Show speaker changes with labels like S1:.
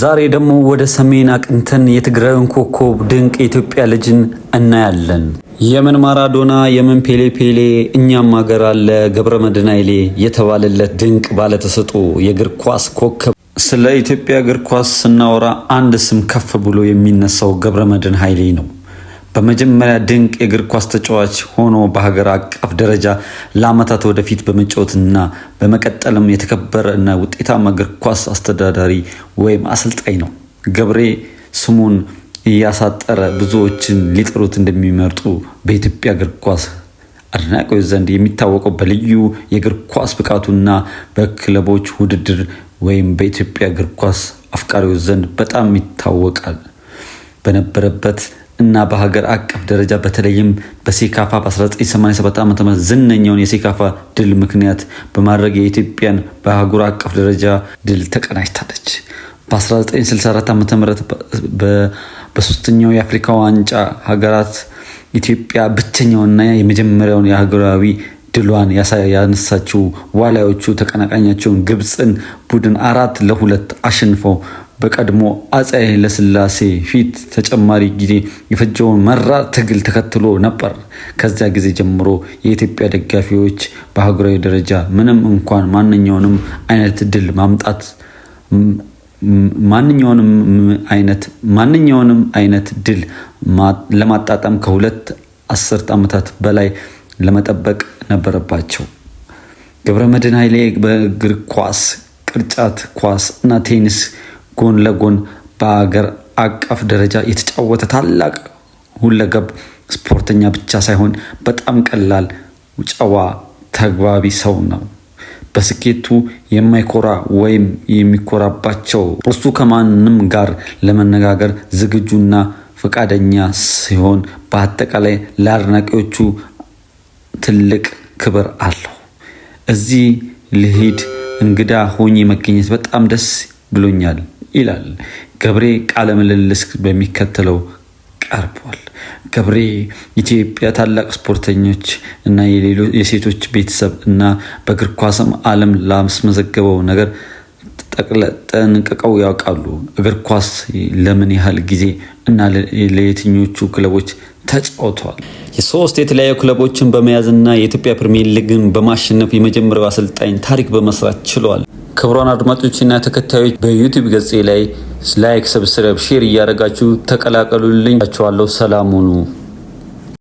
S1: ዛሬ ደግሞ ወደ ሰሜን አቅንተን የትግራዩን ኮከብ ድንቅ የኢትዮጵያ ልጅን እናያለን። የምን ማራዶና የምን ፔሌ ፔሌ እኛም ሀገር አለ ገብረ መድናይሌ የተባለለት ድንቅ ባለተሰጦ የእግር ኳስ ኮከብ። ስለ ኢትዮጵያ እግር ኳስ ስናወራ አንድ ስም ከፍ ብሎ የሚነሳው ገብረ መድን ኃይሌ ነው። በመጀመሪያ ድንቅ የእግር ኳስ ተጫዋች ሆኖ በሀገር አቀፍ ደረጃ ለዓመታት ወደፊት በመጫወትና በመቀጠልም የተከበረ እና ውጤታማ እግር ኳስ አስተዳዳሪ ወይም አሰልጣኝ ነው። ገብሬ ስሙን እያሳጠረ ብዙዎችን ሊጠሩት እንደሚመርጡ በኢትዮጵያ እግር ኳስ አድናቂዎች ዘንድ የሚታወቀው በልዩ የእግር ኳስ ብቃቱና በክለቦች ውድድር ወይም በኢትዮጵያ እግር ኳስ አፍቃሪዎች ዘንድ በጣም ይታወቃል። በነበረበት እና በሀገር አቀፍ ደረጃ በተለይም በሴካፋ በ1987 ዓ ም ዝነኛውን የሴካፋ ድል ምክንያት በማድረግ የኢትዮጵያን በአህጉር አቀፍ ደረጃ ድል ተቀናጅታለች። በ1964 ዓ ም በሶስተኛው የአፍሪካ ዋንጫ ሀገራት ኢትዮጵያ ብቸኛውና የመጀመሪያውን የሀገራዊ ድሏን ያነሳችው ዋሊያዎቹ ተቀናቃኛቸውን ግብፅን ቡድን አራት ለሁለት አሸንፈው በቀድሞ አጼ ኃይለሥላሴ ፊት ተጨማሪ ጊዜ የፈጀውን መራር ትግል ተከትሎ ነበር። ከዚያ ጊዜ ጀምሮ የኢትዮጵያ ደጋፊዎች በሀገራዊ ደረጃ ምንም እንኳን ማንኛውንም አይነት ድል ማምጣት ማንኛውንም አይነት ድል ለማጣጣም ከሁለት አስርት ዓመታት በላይ ለመጠበቅ ነበረባቸው። ገብረ ኃይሌ በእግር ኳስ፣ ቅርጫት ኳስ እና ቴኒስ ጎን ለጎን በአገር አቀፍ ደረጃ የተጫወተ ታላቅ ሁለገብ ስፖርተኛ ብቻ ሳይሆን በጣም ቀላል፣ ጨዋ፣ ተግባቢ ሰው ነው። በስኬቱ የማይኮራ ወይም የሚኮራባቸው እሱ ከማንም ጋር ለመነጋገር ዝግጁና ፈቃደኛ ሲሆን በአጠቃላይ ለአድናቂዎቹ ትልቅ ክብር አለው። እዚህ ልሂድ እንግዳ ሆኜ መገኘት በጣም ደስ ብሎኛል። ይላል ገብሬ ቃለ ምልልስ በሚከተለው ቀርቧል። ገብሬ ኢትዮጵያ ታላቅ ስፖርተኞች እና የሴቶች ቤተሰብ እና በእግር ኳስም ዓለም ላስመዘገበው ነገር ጠንቅቀው ያውቃሉ። እግር ኳስ ለምን ያህል ጊዜ እና ለየትኞቹ ክለቦች ተጫውተዋል?
S2: የሶስት የተለያዩ ክለቦችን በመያዝ እና የኢትዮጵያ ፕሪሚየር ሊግን በማሸነፍ የመጀመሪያው አሰልጣኝ ታሪክ በመስራት ችለዋል።
S1: አድማጮች አድማጮችና ተከታዮች በዩቲዩብ ገጼ ላይ ላይክ፣ ሰብስክራይብ፣ ሼር እያደረጋችሁ ተቀላቀሉልኝ። ቸዋለሁ። ሰላም ሁኑ።